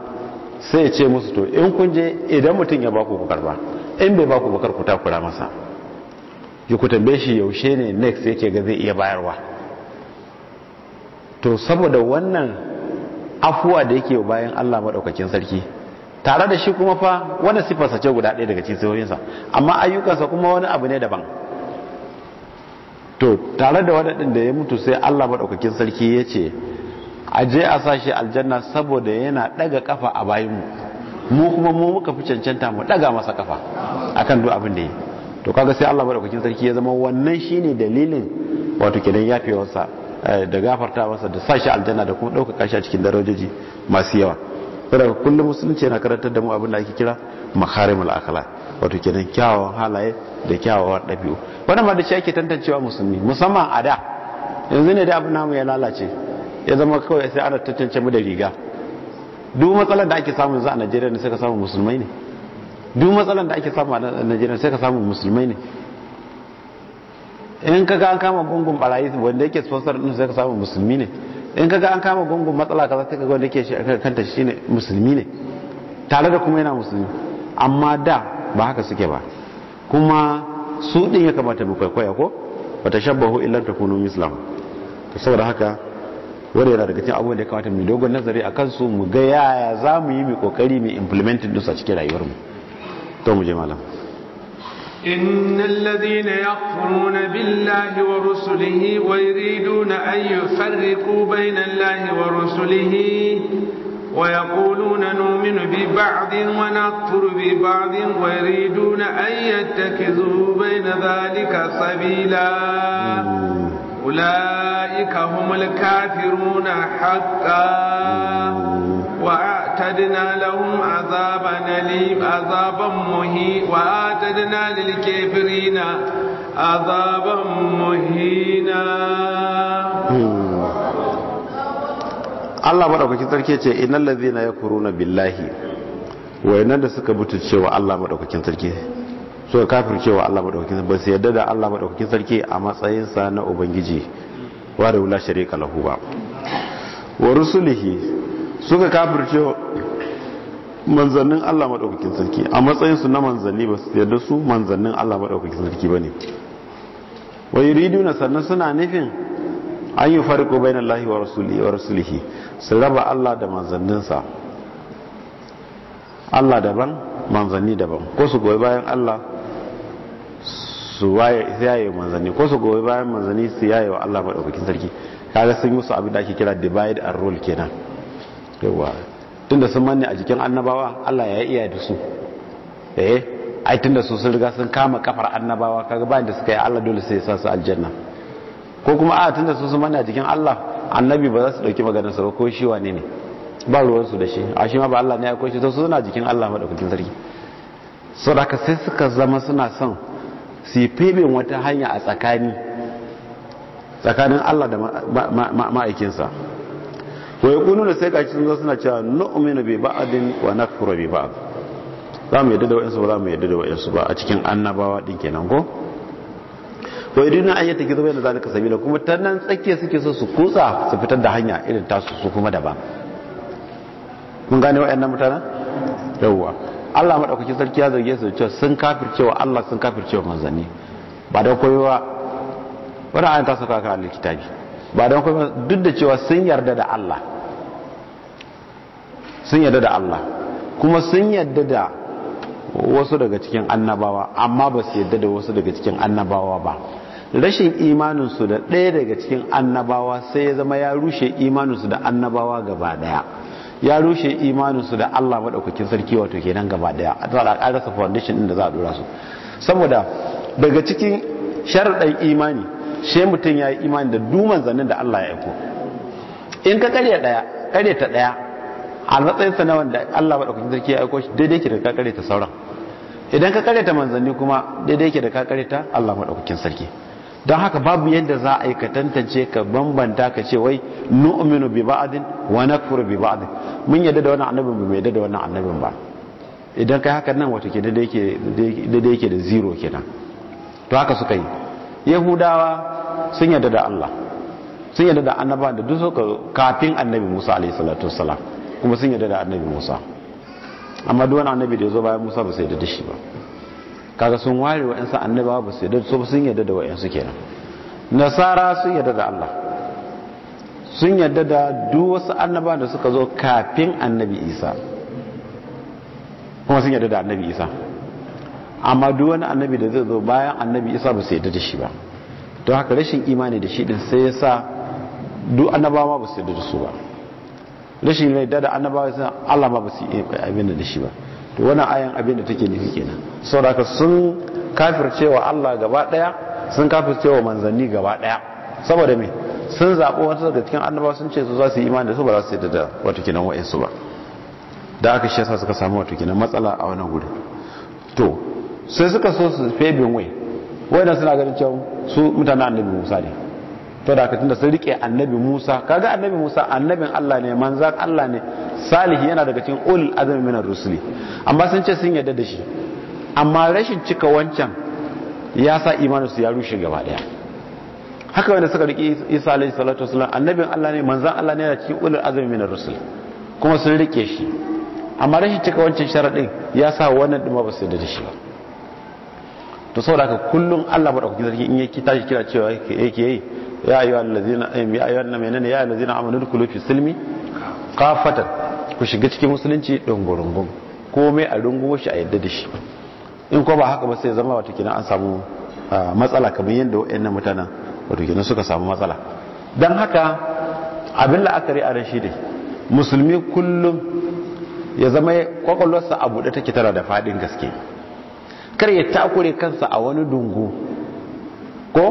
Speaker 1: sai ya ce musu to in kun je idan mutum ya baku ku karba in bai baku bakar ku takura masa ya ku tambaye shi yaushe ne next yake ga zai iya bayarwa to saboda wannan afuwa da yake bayan Allah madaukakin sarki tare da shi kuma fa wani sifarsa ce guda ɗaya daga cikin sifofinsa amma ayyukansa kuma wani abu ne daban to tare da waɗanda da ya mutu sai Allah maɗaukakin sarki ya ce a je a sashi aljanna saboda yana ɗaga kafa a bayanmu mu kuma mu muka fi cancanta mu ɗaga masa kafa akan duk abin da yi to kaga sai Allah madaukakin sarki ya zama wannan ne dalilin wato kidan yafewarsa eh, da wasa da sashi aljanna da kuma dauka kashi a cikin darajoji masu yawa saboda kullum musulunci yana karantar da mu abin da ake kira maharimul akhlaq wato kenan kyawawan halaye da kyawawan dabi'u wannan ma da shi ake tantancewa musulmi musamman a da yanzu ne da abin namu ya lalace ya zama kawai sai ana tantance mu da riga duk matsalar da ake samu yanzu a Najeriya ne suka samu musulmai ne duk matsalan da ake samu a Najeriya sai ka samu musulmai ne in kaga an kama gungun barayi wanda yake sponsor din sai ka samu musulmi ne in kaga an kama gungun matsala kaza sai kaga wanda yake kanta shine musulmi ne tare da kuma yana musulmi amma da ba haka suke ba kuma su din ya kamata mu kwaikwaya ko wa shabbahu illa takunu muslim to saboda haka wanda yana daga cikin abubuwan da ya kamata mu dogon nazari akan su mu ga yaya za mu yi mu kokari mu implementing din su a cikin rayuwar mu تو مجھے मालूम
Speaker 2: إن الذين يقرون بالله ورسله ويريدون أن يفرقوا بين الله ورسله ويقولون نؤمن ببعض ونكفر ببعض ويريدون أن يتخذوا بين ذلك سبيلا أولئك هم الكافرون حقا وأعلم وأعتدنا لهم عذابا أليم عذابا مهي وآتدنا للكافرين عذابا مهينا
Speaker 1: hmm. Allah madaukakin sarki ce innal ladhina yakuruna billahi wayannan da suka butu cewa Allah madaukakin sarki so kafir cewa Allah madaukakin ba su yadda da Allah madaukakin sarki a matsayin sa na ubangiji wa da wala sharika lahu ba wa rusulihi suka kafirce manzannin Allah maɗaukakin sarki a matsayinsu na manzanni ba su yadda su manzannin Allah maɗaukakin sarki ba ne ridu na sannan suna nufin an yi farko bayan lahi wa rasulihi su raba Allah da manzanninsa Allah daban manzanni daban ko su goyi bayan Allah su yaye manzanni ko su goyi bayan manzanni su yaye wa Allah maɗaukakin sarki kaga sun yi musu abin da ake kira divide and rule kenan yawa tunda sun manne a jikin annabawa Allah ya iya da su eh ai tunda su sun riga sun kama kafar annabawa kaga bayan da suka yi Allah dole sai ya sa su aljanna ko kuma a tunda su sun manne a jikin Allah annabi ba za su dauki maganar sa ba ko shi wane ne ba ruwan su da shi a shi ma ba Allah ne ya koshi to su suna jikin Allah madaukakin sarki ka sai suka zama suna son su yi febin wata hanya a tsakani tsakanin Allah da ma'aikinsa wa yaquluna sai kaci sun zo suna cewa nu'minu bi ba'din wa nakfuru bi ba'd za mu yadda da wa'ansu ba za mu yadda da wa'ansu ba a cikin annabawa din kenan ko wa na ayyata gizo bayan zalika sabila kuma ta nan tsakiya suke so su kutsa su fitar da hanya irin tasu su kuma daban mun gane nan mutanen yawwa Allah madaukaki sarki ya zarge su cewa sun kafircewa Allah sun kafircewa manzanni ba da koyewa wannan ayan ta saka ka alkitabi ba don kuma duk da cewa sun yarda da Allah sun yarda da Allah kuma sun yarda da wasu daga cikin annabawa amma ba su yarda da wasu daga cikin annabawa ba rashin imaninsu da ɗaya daga cikin annabawa sai ya zama ya rushe imaninsu da annabawa gaba ɗaya ya rushe imaninsu da Allah maɗaukakin sarki wato kenan gaba ɗaya a tsara ƙarasa foundation ɗin da za a dora su saboda daga cikin sharaɗin imani sai mutum ya yi imani da duman zannin da Allah ya aiko in ka karya daya karya ta daya a matsayin sa na wanda Allah madaukakin sarki ya aiko shi daidai ke da ka karya ta sauran idan ka karya ta manzanni kuma daidai ke da ka karya ta Allah madaukakin sarki don haka babu yadda za a yi ka tantance ka bambanta ka ce wai nu'minu bi ba'din wa nakfuru bi ba'din mun yadda da wannan annabin bai yadda da wannan annabin ba idan kai haka nan wato ke daidai yake da zero kenan to haka suka yi yahudawa sun yarda da Allah sun yarda da annaba da duk suka kafin annabi Musa alaihi salatu wassalam kuma sun yarda da annabi Musa amma duk wani annabi da ya zo bayan Musa ba su yarda da shi ba kaga sun ware wa'ansu annaba ba su da su sun yarda da wa'ansu kenan nasara sun yarda da Allah sun yarda da duk wasu annaba da suka zo kafin annabi Isa kuma sun yarda da annabi Isa amma duk wani annabi da zai zo bayan annabi isa ba su yadda da shi ba don haka rashin imani da shi din sai ya sa duk annabawa ba su yadda da su ba rashin yadda da annabawa sun Allah ma ba su yi abin da shi ba to wani ayan abin da take nufi kenan saboda ka sun cewa Allah gaba daya sun cewa manzanni gaba daya saboda me sun zaɓo wata daga cikin annabawa sun ce su za su yi imani da su ba za su yadda da wata kinan wa'insu ba da aka shi yasa suka samu wata kinan matsala a wani guri to sai suka so su febin wai wadda suna ganin cewa su mutane annabi musa ne to da ka tunda sun rike annabi musa kaga annabi musa annabin allah ne manzan allah ne salihi yana daga cikin ulul azmi minar rusuli amma sun ce sun yadda da shi amma rashin cika wancan ya sa imanin su ya rushe gaba daya haka wanda suka rike isa alaihi salatu wasallam annabin allah ne manzan allah ne yana cikin ulul azmi minar rusuli kuma sun rike shi amma rashin cika wancan sharadin ya sa wannan duma ba su yadda da shi ba to saboda haka kullum Allah kuki sarki in yake tashi kira cewa yake yi ya ayyuha allazina eh, ya ayyuha wani menene ya allazina amanu dukulu fi silmi kafatar ku shiga cikin musulunci dungurungun komai a rungun shi a yadda da shi in ko ba haka ba sai zama wata kina an samu ah, matsala kamar yadda na mutanen wato kenan suka samu matsala don haka abin la'akari a rashi dai musulmi kullum ya zama kwakwalwarsa a buɗe take tara da faɗin gaske kar ya takure kansa a wani dungu ko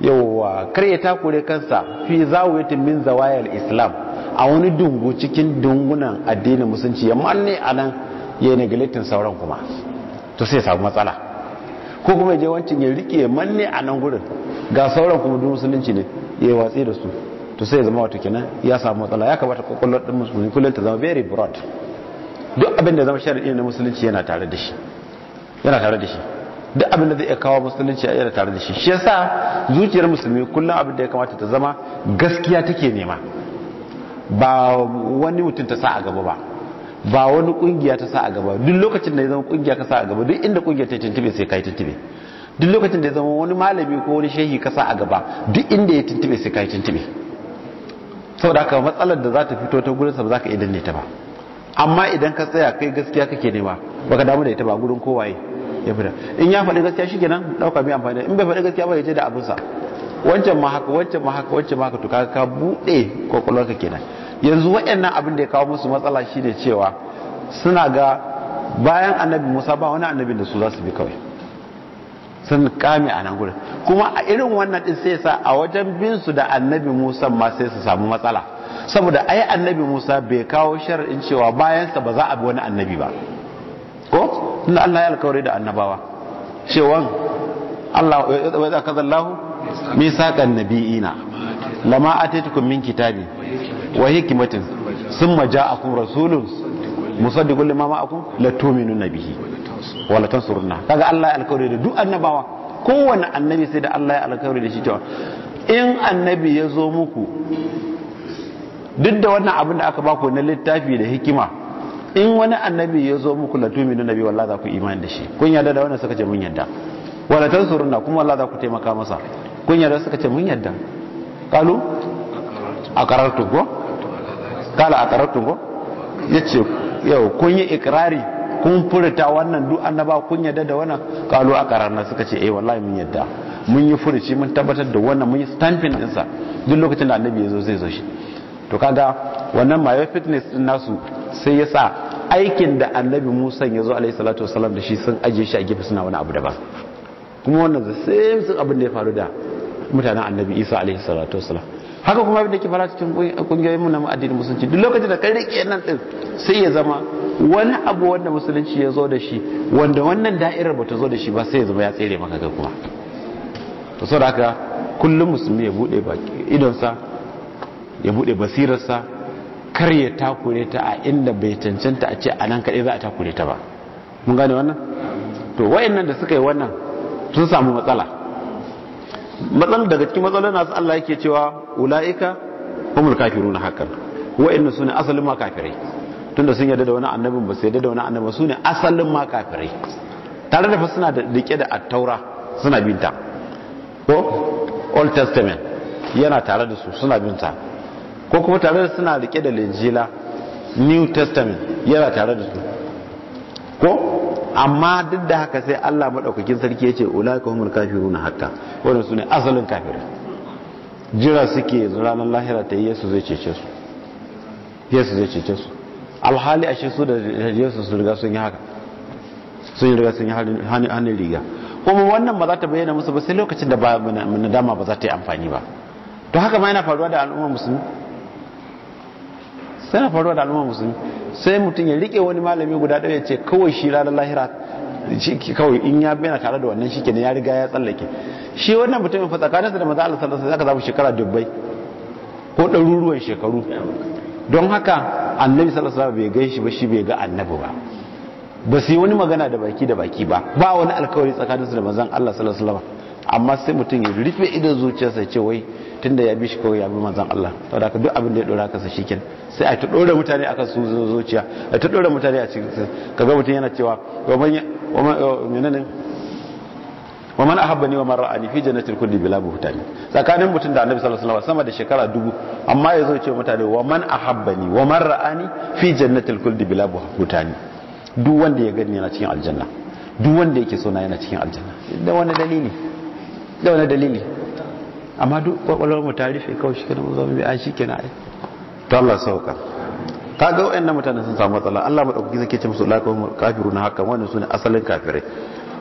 Speaker 1: yawwa kar ya takure kansa fi zawiyatin min zawayal islam a wani dungu cikin dungunan addinin musulunci ya manne a nan ya yi neglectin sauran kuma to sai samu matsala ko kuma je wancin ya rike ya manne a nan gurin ga sauran kuma dun musulunci ne ya yi watsi da su to sai ya zama wata kenan ya samu matsala ya kamata kwakwalwar ɗin musulunci kullum ta zama very broad duk abin da zama shari'i na musulunci yana tare da shi yana tare da shi duk abin da zai iya kawo musulunci yana tare da shi shi yasa zuciyar musulmi kullum abin da ya kamata ta zama gaskiya take nema ba wani mutum ta sa a gaba ba ba wani kungiya ta sa a gaba duk lokacin da ya zama kungiya ka sa a gaba duk inda kungiya ta tuntube sai kai tuntube duk lokacin da ya zama wani malami ko wani shehi ka sa a gaba duk inda ya tuntube sai kai tuntube saboda haka matsalar da za ta fito ta gurin sa ba za ka iya danne ta ba amma idan ka tsaya kai gaskiya kake nema baka damu da ita ba gurin kowaye ya fita in ya faɗi gaskiya shikenan dauka mai amfani in bai faɗi gaskiya ba ya ce da abinsa wancan ma haka wancan ma haka wancan ma haka to kaga ka buɗe kwakwalwarka kenan yanzu waɗannan abin da ya kawo musu matsala shine cewa suna ga bayan annabi Musa ba wani annabin da su za su bi kawai sun kame a nan gurin kuma a irin wannan din sai sa a wajen bin su da annabi Musa ma sai su samu matsala saboda ai annabi Musa bai kawo shar'in cewa bayan sa ba za a bi wani annabi ba ko tunda Allah ya alkawari da annabawa cewan Allah wa idza kadallahu misaqan nabiyina lama ataitukum min kitabi wa hikmatin summa ja'akum rasulun musaddiqun lima ma'akum la tu'minu bihi wa la tansuruna kaga Allah ya alkawari da duk annabawa kowanne annabi sai da Allah ya alkawari da shi cewa in annabi ya zo muku duk da wannan abin da aka ba ku na littafi da hikima in wani annabi ya zo muku la tuminu nabi wallahi za ku imani da shi kun yarda da wannan suka ce mun yarda wala tansuruna kuma wallahi za ku taimaka masa kun yarda suka ce mun yarda kalu aqarartum go kala aqarartum go yace yau kun yi ikrari kun furta wannan duk annaba kun yarda da wannan kalu aqararna suka ce eh wallahi mun yarda mun yi furuci mun tabbatar da wannan mun yi stamping din sa duk lokacin da annabi ya zo zai zo shi to kaga wannan ya fitness din nasu sai ya sa aikin da annabi musa ya zo alaihi salatu wasalam da shi sun ajiye shi a gefe suna wani abu daban kuma wannan the same sun abin da ya faru da mutanen annabi isa alaihi salatu wasalam haka kuma abin da ke fara cikin kungiyoyin mu na addinin musulunci duk lokacin da kai rike nan din sai ya zama wani abu wanda musulunci ya zo da shi wanda wannan da'irar bata zo da shi ba sai ya zama ya tsere maka ga kuma to saboda haka kullum musulmi ya bude baki idonsa ya bude basirarsa kar ya takure ta a inda bai cancanta a ce a nan kaɗai za a takure ta ba mun gane wannan to wayannan da suka yi wannan sun samu matsala matsalar daga cikin matsalar nasu Allah yake cewa ula'ika kafiru na hakan wayannan ne asalin ma kafirai tunda sun yarda da wani annabin ba su yarda da wani annabin ne asalin ma kafirai tare da fa suna da rike da attaura suna binta ko old testament yana tare da su suna binta ko kuma tare da suna rike da linjila new testament yana tare da su ko amma duk da haka sai Allah madaukakin sarki yace ulaika humul kafiruna wani wannan sune asalin kafin. jira suke ranar lahira ta Yesu zai cece su Yesu zai cece su alhali ashe su da Yesu su riga sun yi haka sun yi riga sun yi hannun riga kuma wannan ba za ta bayyana musu ba sai lokacin da ba dama ba za ta yi amfani ba to haka ma yana faruwa da al'ummar musulmi yana faruwa da al'umma musulmi sai mutum ya rike wani malami guda ɗaya ya ce kawai shi ranar lahira kawai in ya bayyana tare da wannan shikenan ya riga ya tsallake shi wannan mutumin fa tsakanin tsakaninsa da maza Allah sallallahu alaihi wasallam zaka zabu shekara dubbai ko ɗaruruwan shekaru don haka annabi sallallahu alaihi wasallam bai gaishe ba shi bai ga annabi ba ba su yi wani magana da baki da baki ba ba wani alkawari su da manzon Allah sallallahu alaihi wasallam amma sai mutum ya rufe idan zuciyarsa ce wai tunda ya bi shi kawai ya bi manzon Allah da ka duk abin da ya dora kansa shikin sai a ta dora mutane akan su zuciya a ta dora mutane a cikin kaga mutun yana cewa wa man menene wa man ahabbani wa man ra'ani fi jannati kulli bila buhtani tsakanin mutum da annabi sallallahu alaihi wasallam sama da shekara dubu amma yazo ce mutane wa man ahabbani wa man ra'ani fi jannati kulli bila buhtani duk wanda ya gani yana cikin aljanna duk wanda yake so na yana cikin aljanna da wani dalili da wani dalili amma duk kwakwalwar mu ta rufe kawai shi kenan mun zama mai shi kenan ai to Allah sauka ka ga nan mutane sun samu matsala Allah madaukaki zai ce musu kafiru na hakan wannan sune asalin kafirai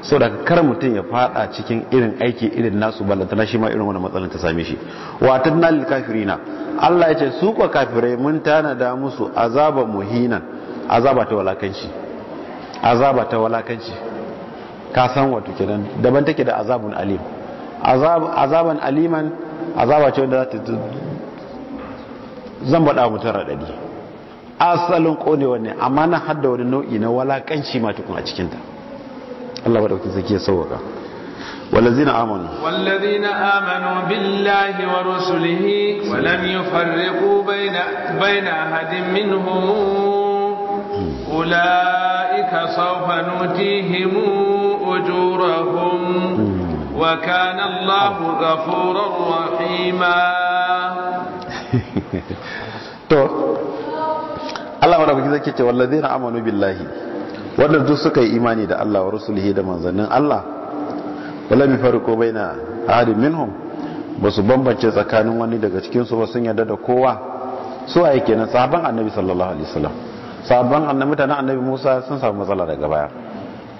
Speaker 1: so daga kar mutum ya fada cikin irin aiki irin nasu ballantana shi ma irin wannan matsalan ta same shi wa na lil kafirina Allah ya ce su kwa kafirai mun tanada musu azaba muhinan azaba ta walakanci azaba ta walakanci ka san wato kenan daban take da azabun alim azaban aliman azaba ce wanda za ta zan baɗa mutum raɗaɗi asalin ƙonewa ne amma na hadda wani nau'i na walaƙanci matukun a cikinta Allah ba ɗauki zaki ya sauwaka والذين آمنوا
Speaker 2: والذين آمنوا بالله ورسله ولم يفرقوا بين بين أحد منهم أولئك سوف نؤتيهم أجورهم وكان الله غفورا رحيما
Speaker 1: to Allah wa rabbi zake ce wallazina amanu wannan duk suka yi imani da Allah wa rasulihi da manzannin Allah wala bi farqu baina ahadin minhum su bambance tsakanin wani daga cikin su ba sun yarda da kowa su a kenan nan annabi sallallahu alaihi wasallam sahaban annabi mutanen annabi Musa sun samu matsala daga baya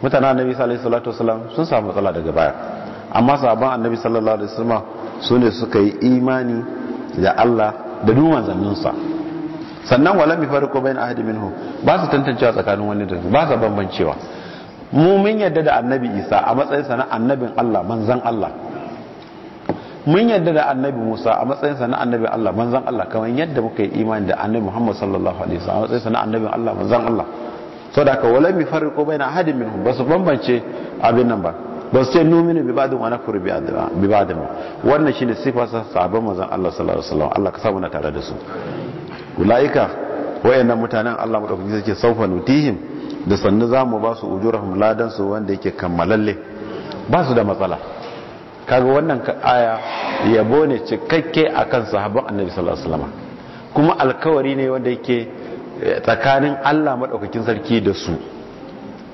Speaker 1: mutanen annabi sallallahu alaihi wasallam sun samu matsala daga baya amma sahabban annabi sallallahu alaihi wasallam su ne suka yi imani da Allah da duk manzanninsa sannan wala mi farko bayan ahadi minhu ba su tantancewa tsakanin wani da ba su bambancewa mu mun yadda da annabi isa a matsayin sa na annabin Allah manzan Allah mun yadda da annabi musa a matsayin sa na annabin Allah manzan Allah kamar yadda muka yi imani da annabi muhammad sallallahu alaihi wasallam a matsayin sa na annabin Allah manzan Allah saboda ka wala mi farko bayan ahadi minhu ba su bambance abin nan ba ba su ce numinu bi ba'din wani kuri bi wannan shi sifa sa sahabban mazan Allah sallallahu alaihi Allah ka samu na tare da su ulaika wayannan mutanen Allah madaukaki yake saufa nutihim da sannu mu ba su ujurahum ladan su wanda yake kammalalle ba su da matsala kaga wannan aya yabo ne cikakke akan sahabban annabi sallallahu alaihi wasallam kuma alkawari ne wanda yake eh, tsakanin Allah madaukakin sarki da su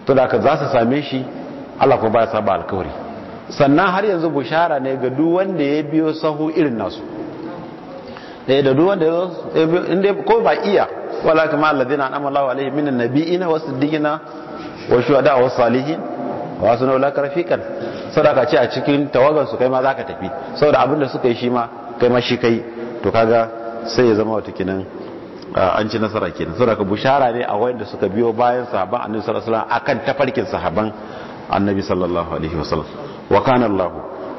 Speaker 1: to da za su same shi Allah ko ba ya saba alkawari sannan har yanzu bushara ne ga duk wanda ya biyo sahu irin nasu da eh, da duk wanda ya ko ba iya wala kama alladhina an'ama Allahu alaihi minan nabiyina wasiddiqina wa shuhada wa salihin wa sunu la karfikan sadaka ce a cikin tawagan su kai ma zaka tafi saboda da suka yi shi ma kai ma shi kai to kaga sai ya zama wata kinan an ci nasara kenan saboda bushara ne a wanda suka biyo bayan sahaban annabi sallallahu alaihi wasallam akan tafarkin sahaban annabi sallallahu alaihi wasallam wa kana Allah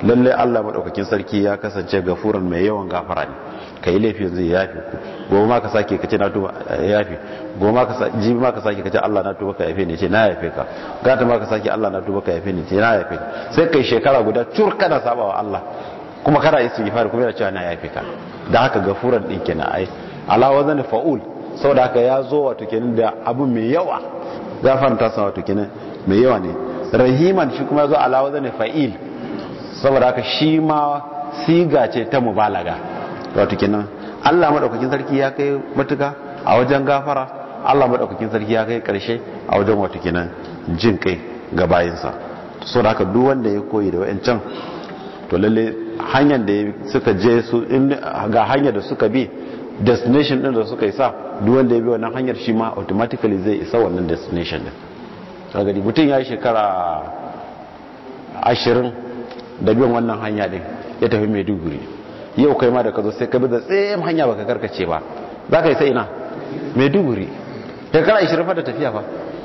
Speaker 1: lalle Allah madaukakin sarki ya kasance gafuran mai yawan gafara ne kai laifi yanzu ya yafi ku gobe ma ka sake kace na tuba eh, ya yafi gobe ma ka sake ma ka sake kace Allah na tuba ka yafe ne ce na yafe ka gata ma ka sake Allah na tuba ka yafe ne ce na yafe sai kai shekara guda cur kana sabawa Allah kuma kana istighfar kuma yana cewa na yafe ka da haka gafuran din kenan ai ala wazan fa'ul saboda haka ya zo wato kenan da abu mai yawa gafarta sa wato kenan mai yawa ne rahiman shi kuma ya zo ala wazan fa'il saboda haka shi ma siga ce ta mubalaga wato kenan Allah madaukakin sarki ya kai matuka a wajen gafara Allah madaukakin sarki ya kai karshe a wajen wato kenan jin kai ga bayinsa saboda haka duk wanda ya koyi da wayancan to lalle hanyar da suka je su ga hanyar da suka bi destination din da suka isa duk wanda ya bi wannan hanyar shi ma automatically zai isa wannan destination din ta mutum ya yi shekara ashirin da biyan wannan hanya din ya tafi maiduguri yau kai ma da ka zo sai ka bi da tsayin hanya baka karkace ba za ka yi sai ina maiduguri shekara ashirin fa da tafiya fa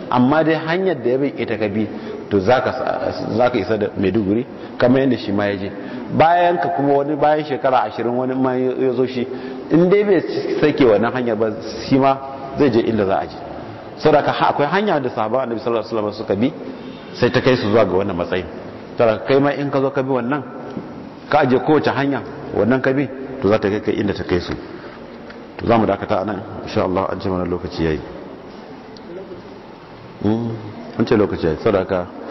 Speaker 1: amma dai hanyar da ya bai ita ka bi to za ka isa da maiduguri kamar yadda shi ma ya je bayan ka kuma wani bayan shekara ashirin wani ma ya zo shi in dai bai sake wannan hanyar ba shi ma zai je inda za a je saboda akwai hanya da sahaba annabi sallallahu alaihi wasallam suka bi sai ta kai su zuwa ga wannan matsayi to kai ma in ka zo ka bi wannan ka aje kowace hanya wannan ka bi to za ta kai kai inda ta kai su to za mu dakata anan insha Allah an ce mana lokaci yayi hmm, an ce lokaci yayi saboda